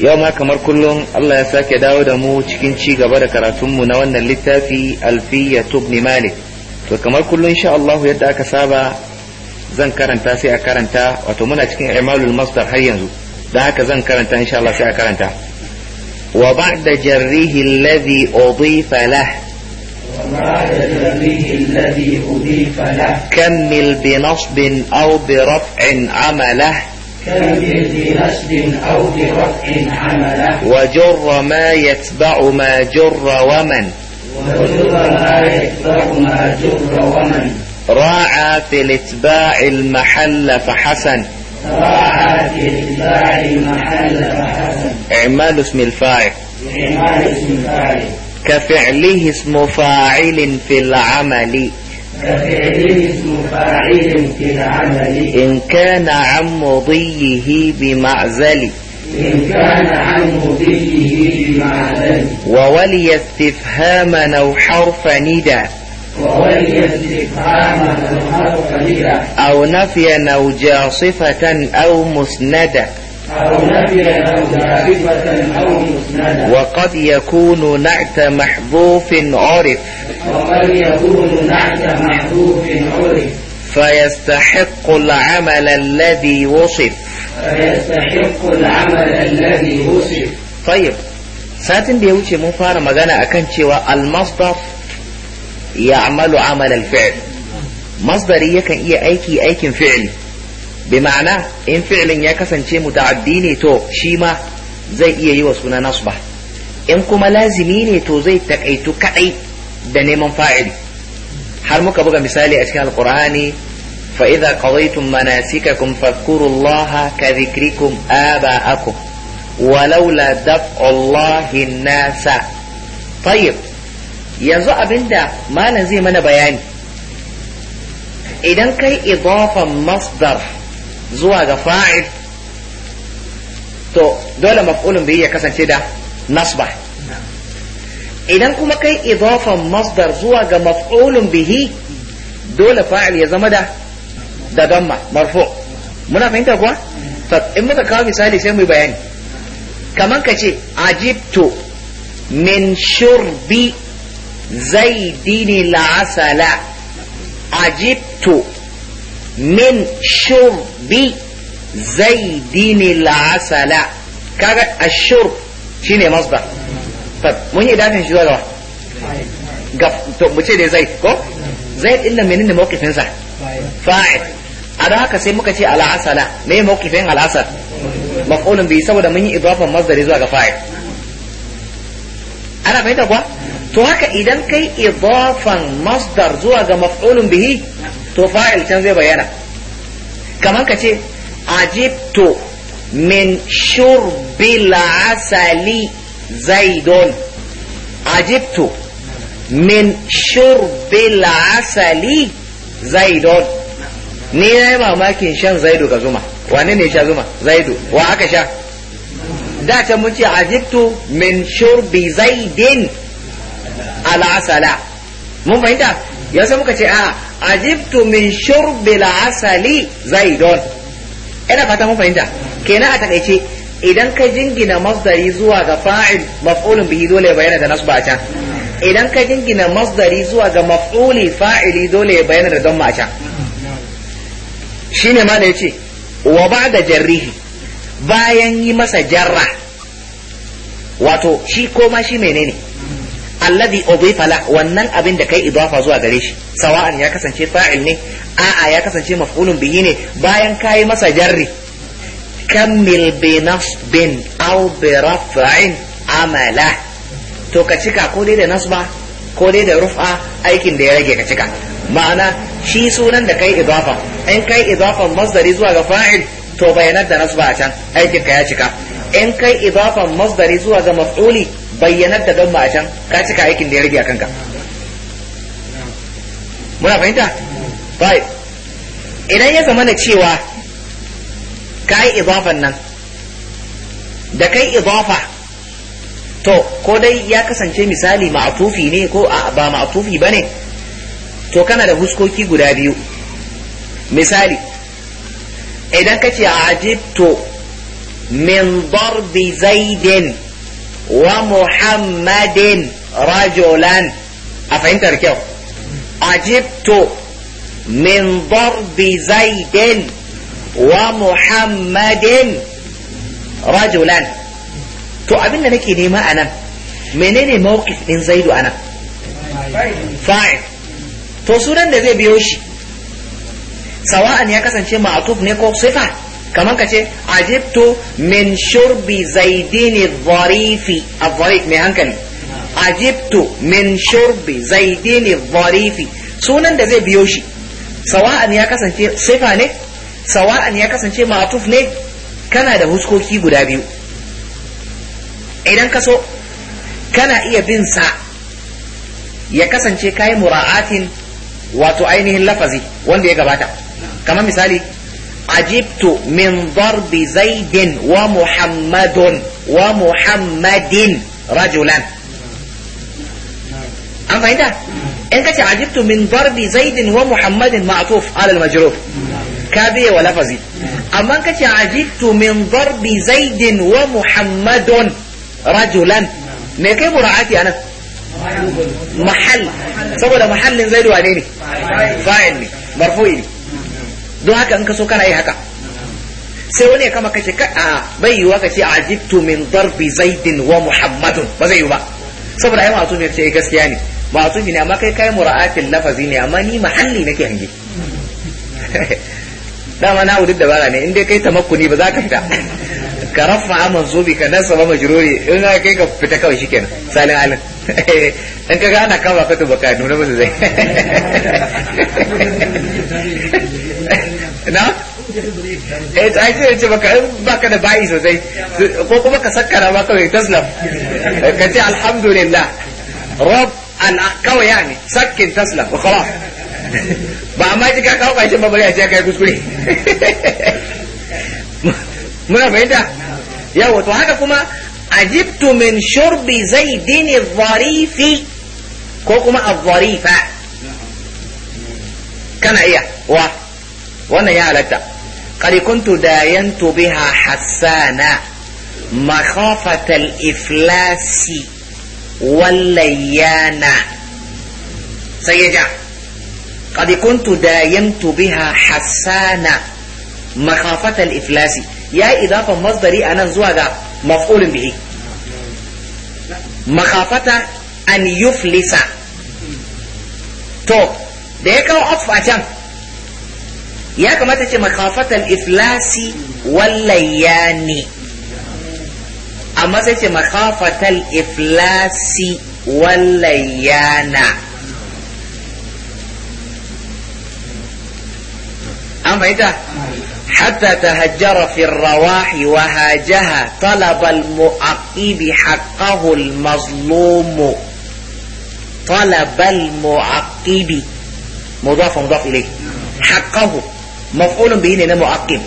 yau ma kamar kullum Allah ya sake dawo da mu cikin ci gaba da karatunmu na wannan littafi alfiya tubni malik to kamar kullum insha Allah yadda aka saba zan karanta sai a karanta wato muna cikin imalul masdar har yanzu dan haka zan karanta insha Allah sai a karanta wa ba'da jarrihi alladhi udifa lah nasbin aw bi raf'in amalah أو برفع وجر ما يتبع ما جر ومن وجر ما يتبع ما جر ومن راعى في الاتباع المحل فحسن راعى في الاتباع المحل فحسن اعمال اسم الفاعل اعمال اسم الفاعل كفعله اسم فاعل في العمل اسم فاعل في العمل إن كان عن مضيه بمعزل إن كان عن مضيه بمعزل وولي استفهاما أو حرف ندى وولي استفهام أو حرف ندى أو نفيا أو جاصفة أو مسندة أو أو أو مسندا وقد يكون نعت محذوف عرف وقد يكون نعت محذوف عرف فيستحق العمل الذي وصف فيستحق العمل الذي وصف طيب ساتن da ya wuce mun fara magana akan cewa al-masdar ya amalu amal al-fi'l masdari bi ma'ana in fi'lin ya kasance muta'addi ne to shi ma zai iya yi wa suna ba. in kuma lazimi ne to zai takaitu kadai da neman fa'ili har muka buga misali a cikin alqur'ani fa idza qadaytum manasikakum fadhkurullaha ka dhikrikum aba'akum ولولا دفع الله الناس طيب yanzu abinda malam zai mana bayani idan kai idafan masdar zuwa ga fa'il to dole maf'ulun bihi ya kasance da nasba idan kuma kai idafan masdar zuwa ga maf'ulun bihi dole fa'il ya zama da da damma marfo. muna fahimta kuwa in muka kawo misali sai mu bayani Kamar ka ce ajibtu min shurbi zaidini la'asala ajibtu min shur bi shurbi zaidini la'asala kaga ashur shine masdar tab mun yi dafin shi zuwa ga to mu ce ne zai ko zai din nan menene mawqifin sa A da haka sai muka ce al'asala me mawqifin al'asal maf'ulun bi saboda mun yi idafan masdari zuwa ga fa'il ana fahimta kuwa to haka idan kai idafan masdar zuwa ga maf'ulun bihi to fa'il can zai bayyana kamar ka ce ajibtu min shurbil asali zaidon ajibtu min shurbil asali zaidon ni na mamakin shan zaido ga zuma wane ne sha zuma zaido wa aka sha da ta mun ce ajibtu min shurbi zaidin al'asala mun fahimta yanzu muka ce a ajibtu min shurbil asali zaidon ina fata mun fahimta kenan a takaice idan ka jingina masdari zuwa ga fa'il maf'ulun bihi dole ya bayyana da nasba a idan ka jingina masdari zuwa ga maf'uli fa'ili dole ya bayyana da damma a can shine ma da yace wa ba'da jarrihi bayan yi masa jarra wato shi koma shi menene alladhi udifa la wannan abin da kai idafa zuwa gare shi sawa'an ya kasance fa'il ne a'a ya kasance maf'ulun bihi ne bayan kai masa jarri kammil bi nasbin aw bi raf'in amala to ka cika ko dai da nasba ko dai da rufa aikin da ya rage ka cika ma'ana shi sunan da kai idafa in kai idafa masdari zuwa ga fa'il to bayanar da nasba a can aikin ka ya cika in kai Ibafan masdari zuwa ga maf'uli bayyanar da damma a can ka cika aikin da ya rage a kanka muna fahimta bai idan ya zama cewa ka yi nan da kai Ibafa to ko dai ya kasance misali ma'atufi ne ko ba ma'atufi ba ne to kana da huskoki guda biyu misali idan ka ce a ajibto من ضرب زيد ومحمد رجلا أفهمت الكيو عجبت من ضرب زيد ومحمد رجلا to abin da nake nema anan, menene mawqif din zaidu anan fa'il to sunan da zai biyo shi sawa'an ya kasance ma'tuf ne ko sifa kamar ka ce ajibtu min shurbi zaidin zarifi a dharif mai hankali ah. ajibtu min shurbi zaidin zarifi sunan da zai biyo shi sawa'an ya kasance sifa ne sawa'an ya kasance ma'tuf ne kana da huskoki guda biyu idan ka so kana iya bin sa ya kasance kai mura'atin wato ainihin lafazi wanda ya gabata kamar misali عجبت من ضرب زيد ومحمد ومحمد رجلا أما فهمت إن كنت عجبت من ضرب زيد ومحمد معطوف على المجروف ولا فزي أما إن كنت عجبت من ضرب زيد ومحمد رجلا ما كيف مراعاتي أنا محل سوى محل زيد وعنيني فاعلني مرفوعي don haka in ka so kana yi haka sai wani ya kama kace ka a bai yiwa ka ce ajibtu min darbi zaidin wa muhammadun ba zai yi ba saboda ai ma'atumi ya ce eh, gaskiya ne ma'atumi ne amma kai kai mura'atin lafazi ne amma ni mahalli nake hange dama na hudu dabara ne in dai kai tamakkuni ba za ka fita ka rafa manzubi ka nasaba majruri in ka kai ka fita kawai shikenan salin alin in ka ga ana kawo ka to ka nuna ba zai na eh ai sai ce baka baka da bayi sosai ko kuma ka sakkara ma kawai taslam ka ce alhamdulillah rob al kawai yani sakkin taslam wa khalas ba amma ji ka kawo kashin babare a ce kai kuskure muna fahimta yawa to haka kuma ajibtu min shurbi zaidin dharifi ko kuma adh-dharifa kana iya wa wannan ya halatta qad kuntu dayantu biha hassana makhafata iflasi wallayana sai ya ja qad kuntu dayantu biha hassana iflasi ya masdari anan zuwa ga maf'ulun bihi makhafata an yuflisa to da ya kawo off a can ya kamata ce makafatal iflasi wallayani amma sai ce makafatal iflasi wallayana an fahimta حتى تهجر في الرواح وهاجها طلب المعقب حقه المظلوم طلب المعقب مضاف مضاف إليه حقه maf'ulun bihi ne na mu'aqqib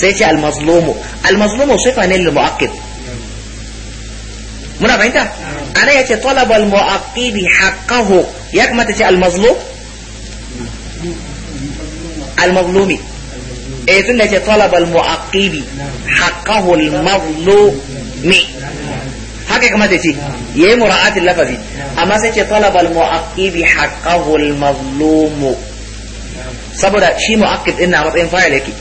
sai ce al-mazlumu al-mazlumu sifa ne lil mu'aqqib muna fahimta ana yace talaba al-mu'aqqibi haqqahu ya kamata ce al-mazlum al-mazlumi eh tunda yace talaba al-mu'aqqibi haqqahu al-mazlumi haka kamata yayi mura'atin lafazi ama sai ce talaba al-mu'aqqibi saboda shi mu'akkid din na matsayin fa'il yake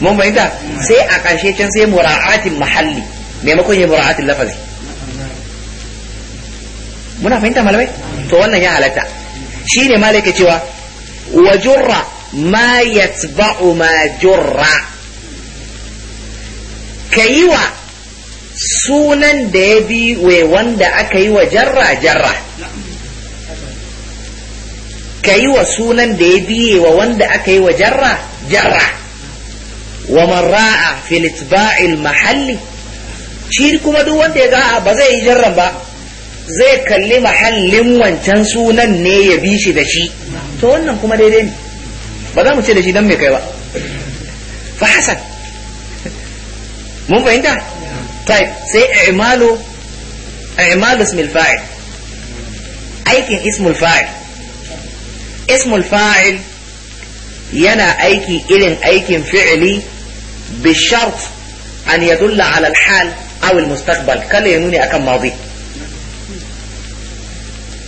mun bayyana sai a ƙarshe can sai mura'atin mahalli maimakon yin mura'atin lafazi muna fahimta malamai to wannan ya halatta shi ne malaika cewa wa jurra ma yatba'u ma jurra wa. sunan da ya bi wanda aka yi wa jarra jarra ka yi wa sunan da ya biye wa wanda aka yi wa jarra jarra wa Mara'a fil mahalli shi kuma duk wanda ya ga ba zai yi jarran ba zai kalli mahallin wancan sunan ne ya bi shi da shi to wannan kuma daidai ne ba za mu ce da shi dan mai kai ba fa hasan mun fahimta طيب sai i'malu i'malu ismil fa'il aikin ismul fa'il اسم الفاعل ينا أيكي الين أيكي فعلي بالشرط أن يدل على الحال أو المستقبل كلا ينوني أكم ماضي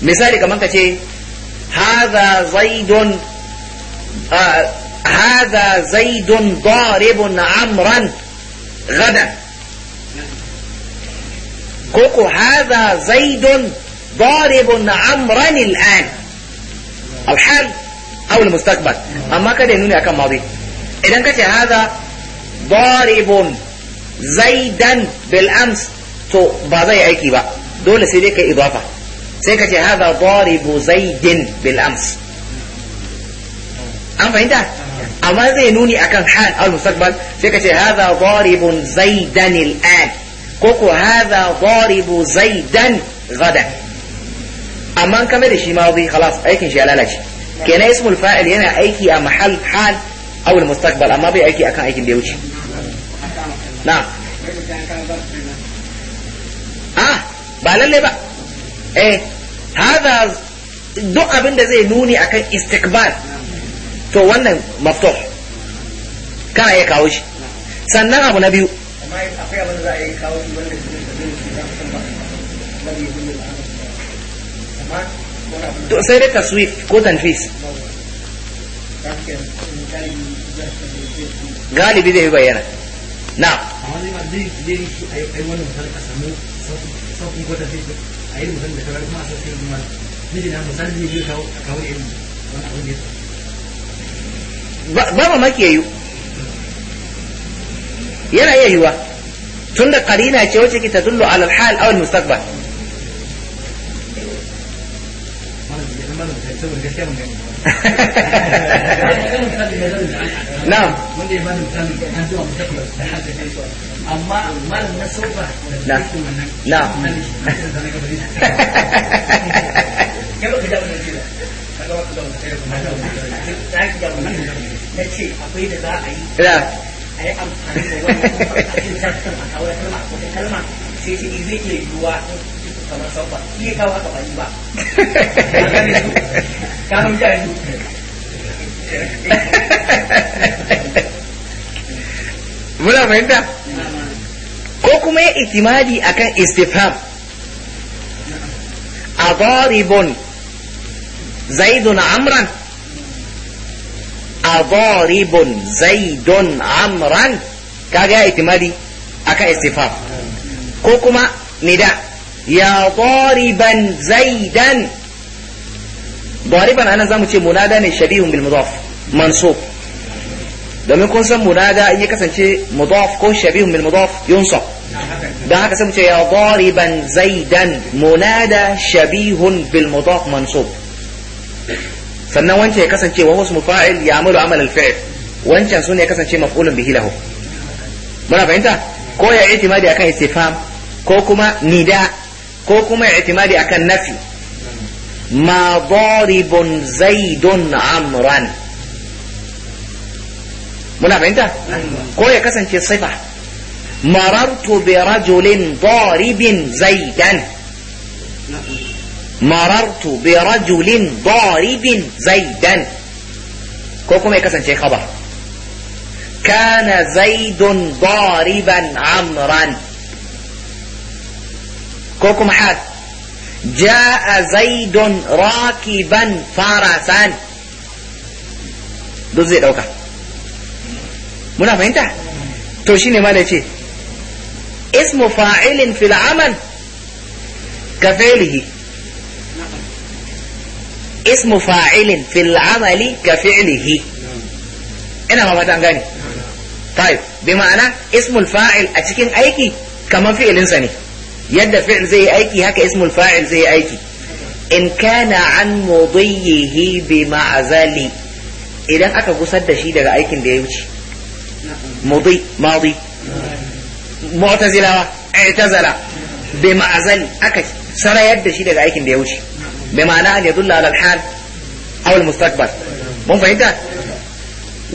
مثالي كمان كتير هذا زيد آه، هذا زيد ضارب عمرا غدا كوكو هذا زيد ضارب عمرا الآن alhal aw almustaqbal amma kada ya nuni akan madi idan kace hada daribun zaidan bil ams to ba zai aiki ba dole sai dai kai idafa sai kace hada daribu zaidin bil ams an fahimta amma zai nuni akan hal al mustaqbal sai kace hada daribun zaidan al an ko ko hada daribu zaidan gadan amma kame da shi ma zai khalas aikin shi ya lalace kenan ismul fa'il yana aiki a mahal hal aw al mustaqbal amma bai aiki akan aikin da ya wuce na ah ba lalle ba eh hada duk abin da zai nuni akan istiqbal to wannan maftuh kana ya kawo shi sannan abu na biyu akwai abin da za a yi kawo shi wanda to sai dai ka taswif ko tanfis galibi zai bayyana na ba ma maki yayu yana yayuwa yiwa tunda karina ce wacce ke ta dullo alal hal awal mustaqbal saboda gaskiya mun gani na'am wanda ya bani misali na zuwa mutakula da haka ne amma malam na sofa da yake wannan na'am yau ka jawo ne na ce akwai da za a yi a yi amfani da wannan a cikin a kawo kalma sai ce zai iya yiwuwa kamar sauka iya kawo haka ba yi ba ka hau jari muna fahimta ko kuma ya itimadi akan istifham a daribun zaidun amran a daribun zaidun amran kaga ya itimadi aka istifham ko kuma nida ya dariban zaidan dariban anan zamu ce munada ne shabihun bil mudaf mansub domin kun san munada in ya kasance mudaf ko shabihun bil mudaf yunsab da haka sai mu ce ya dariban zaidan munada shabihun bil mudaf mansub sannan wancan ya kasance wa husmu fa'il ya amalu amal al fi'l wancan sune ya kasance maf'ulun bihi lahu muna fahimta ko ya itimadi akan istifham ko kuma nida ko kuma i'timadi akan nafi ma daribun zaidun amran muna fahimta ko ya kasance sifa marartu bi rajulin daribin zaidan marartu bi rajulin daribin zaidan ko kuma ya kasance khabar kana zaidun dariban amran ko kuma has ja'a zaidun rakiban farasan duk zai dauka muna fahimta to shine ma da ce ismu fa'ilin fil amal ka fi'lihi ismu fa'ilin fil amali ka fi'lihi ina ma gani? gane Bi ma'ana ismul fa'il a cikin aiki kamar fi'ilinsa ne yadda fi'il zai yi aiki haka ismul fa'il zai yi aiki in kana an mudayyihi bi ma'azali idan aka gusar da shi daga aikin da ya wuce mudi madi mu'tazilawa i'tazala bi ma'azali aka sarayar da shi daga aikin da ya wuce bi ma'ana an yadulla ala al-hal aw al-mustaqbal mun fahimta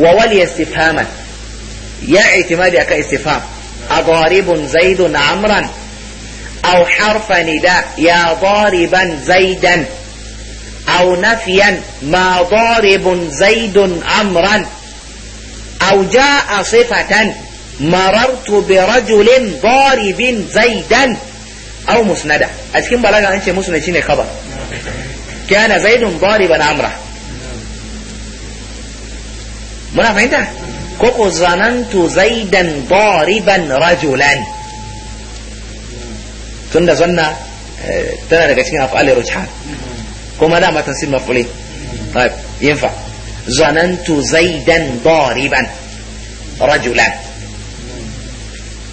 wa wal istifhaman ya i'timadi akan istifham أضارب زيد amran. أو حرف نداء يا ضاربا زيدا أو نفيا ما ضارب زيد أمرا أو جاء صفة مررت برجل ضارب زيدا أو مسندة كم بلاغة أنت مسند شيني خبر كان زيد ضاربا أمرا منا فهمت كوكو ظننت زيدا ضاربا رجلا tunda zanna eh, tana daga cikin af'al rujhan kuma da matan sin maf'ulin طيب ينفع ظننت زيدا ضاربا رجلا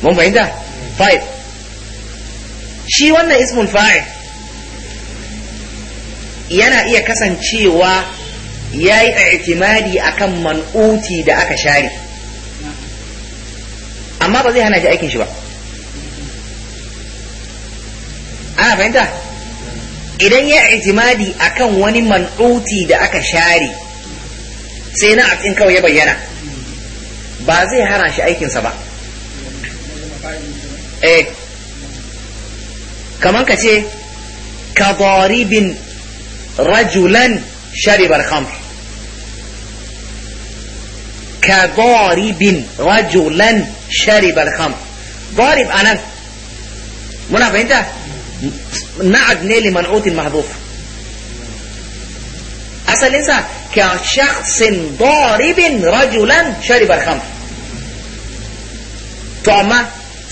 Mun بعيد طيب shi wannan ismun الفاعل yana iya kasancewa ya yi i'timadi akan man'uti da aka share amma ba zai hana shi aikin shi ba ana fahimta idan ya a akan wani man'uti da aka share sai na atin kawai ya bayyana ba zai hana shi aikinsa ba eh kaman ka ce ka daribin rajulan sharibar khamr ka daribin rajulan sharibar khamr darib anan muna fahimta نعد نيلي منعوت المهدوف أسأل إنسان كشخص ضارب رجلا شرب الخمر تعمى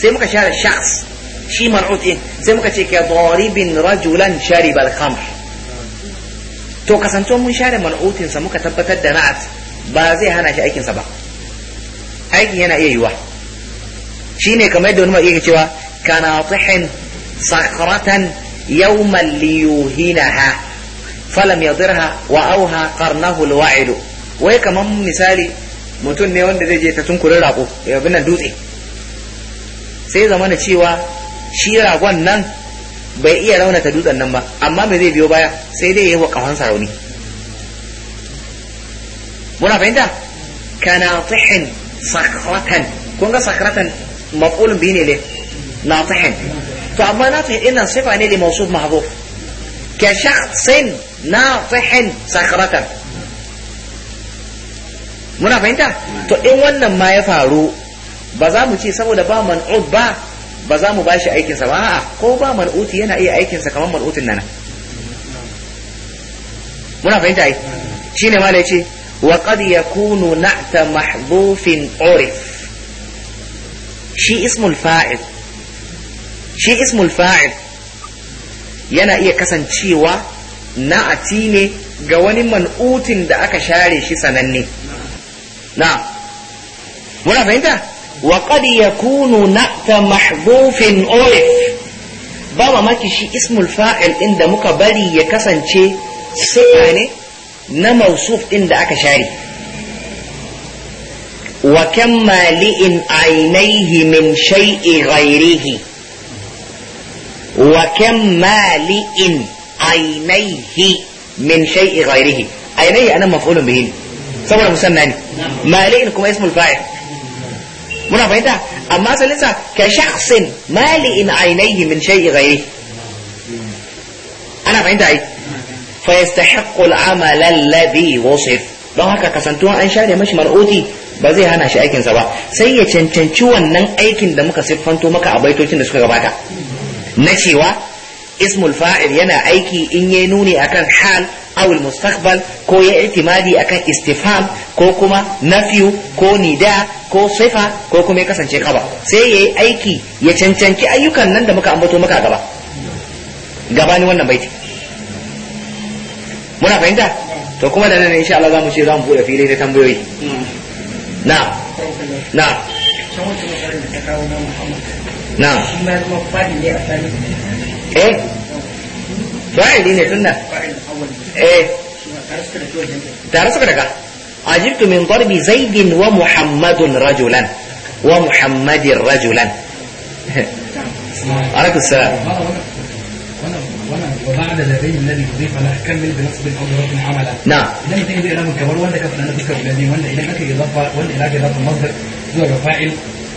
سيمك شهر الشخص شي منعوت إيه سيمك شهر كضارب رجلا شرب الخمر تو كسان تو من شهر منعوت سموك تبتد نعد بازي هنا شايكين سبق أيكي هنا إيه يوا شيني كما يدون ما إيه كتوا كان طحن صخرة يوما ليوهنها falam ya zirha wa auha karnahu alwa'idu wai kamar misali mutum ne wanda zai je ta tunkurin rako ya bi nan dutse sai zamana cewa shi ragon nan bai iya raunata dutsen nan ba amma me zai biyo baya sai dai ya yi wa kafansa rauni muna fahimta kana tihin sakratan kun ga sakratan maf'ulun bi ne ne natihin to amma na fahimci ina sifa ne da mausuf mahbub ka shakhsin nafihin sakratan muna fahimta to in wannan ma ya faru ba za mu ce saboda ba man'ud ba ba za mu ba bashi aikinsa ba a'a ko ba man'uti yana iya aikinsa kamar man'utin nana muna fahimta ai shine ma da yace wa qad yakunu na'ta mahdhufin urif shi ismul fa'il shi ismul fa'il yana iya kasancewa na'ati ne ga wani man'utin da aka share shi sananne na muna fahimta wa qad yakunu na'ta mahdhufin ulif ba maki shi ismul fa'il din da muka bari ya kasance sifa ne na mausuf din da aka share wa kam mali'in ainihi min shay'i ghairihi وكم مالئ عينيه من شيء غيره عينيه أنا مفعول به saboda musamman ne mali'in kuma ismul fa'il muna fahimta amma salinsa ka mali in ainihi min sha'i ghairi ana fahimta ai fa yastahiqqu al-amala alladhi wusif don haka kasantuwan an share mashi mar'uti ba zai hana shi aikinsa ba sai ya cancanci wannan aikin da muka siffanto maka a baitocin da suka gabata na cewa ismul fa'il yana aiki in yayi nuni akan hal aw mustaqbal ko ya itimadi akan istifham ko kuma nafiyu ko nida ko sifa ko kuma ya kasance kaba sai yayi aiki ya cancanci ayyukan nan da muka ambato a gaba gabani wannan baiti muna fahimta to kuma da nan insha Allah zamu ce zamu bude fili da tambayoyi na hmm. na can wata da ta kawo na Muhammad na'am eh fa'ili ne sunna eh tare suka daga ajibtu min darbi zaidin wa muhammadun rajulan wa muhammadin rajulan عليكم السلام وبعد الذين الذي يضيف على اكمل بنصب الامر عمل نعم لم تجد الى الكبر ولا كفر ان تذكر الذي ولا الى اضافه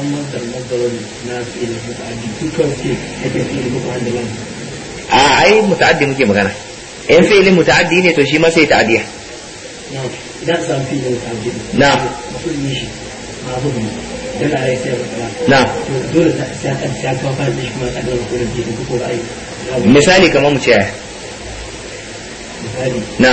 محمد المضرب نافي a ai muke magana in fi'ilin muta'addi ne to shi ma sai ta'adiya. idan na mutum ne shi ma abu ne sai na dole sai ka sai fara shi kuma ji ko ai misali kamar mu ce na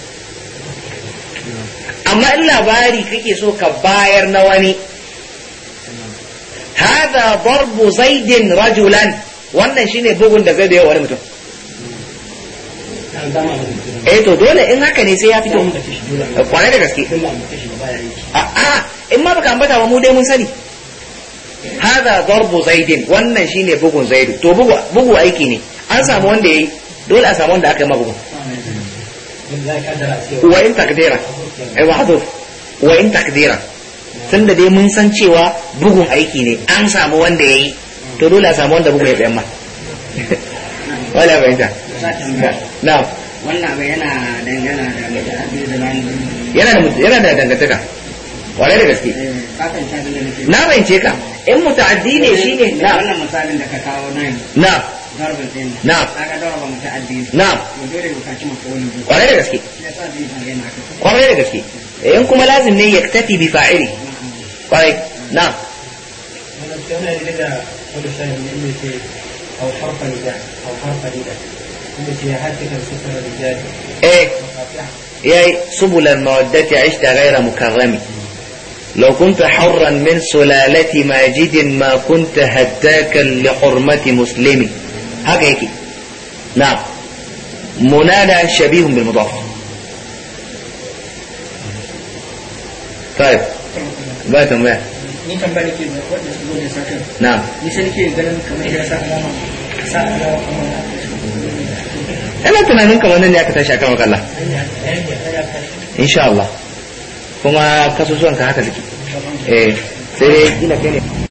amma in labari kake so ka bayar na wani hada barbu zaidin rajulan wannan shine bugun da zai da wani mutum eh to dole in haka ne sai ya fito kwana da gaske a in ma baka ambata ba mu dai mun sani hada darbu zaidin wannan shine bugun zaidu to bugu aiki ne an samu wanda yayi dole a samu wanda aka yi mabugun wa in takdira ai wa hadu wa in takdira tunda dai mun san cewa bugun aiki ne an samu wanda yayi to dole a samu wanda bugun ya tsayan ma wala ta na wannan abu yana dangana da yana da yana da dangantaka kwarai da gaske na bayyance ka in muta'addi ne shine na wannan misalin da ka kawo nan na نعم نعم dole bukaci maf'ulin bihi إنكم لازم gaske kwarai بفاعله gaske نعم إيه يا سبل المودة عشت غير مكرم لو كنت حرا من سلالة ماجد ما كنت هتاكا لحرمة مسلم haka yake na munada shabihun bil mudaf طيب ba tambaya ni tambaya ke da wanda su gode sakan na ni sai ke ganin kamar ya sa alama sa alama ina tunanin kamar nan ne aka tashi akan wakalla insha Allah kuma kasusuwan ka haka suke eh sai dai ina kai ne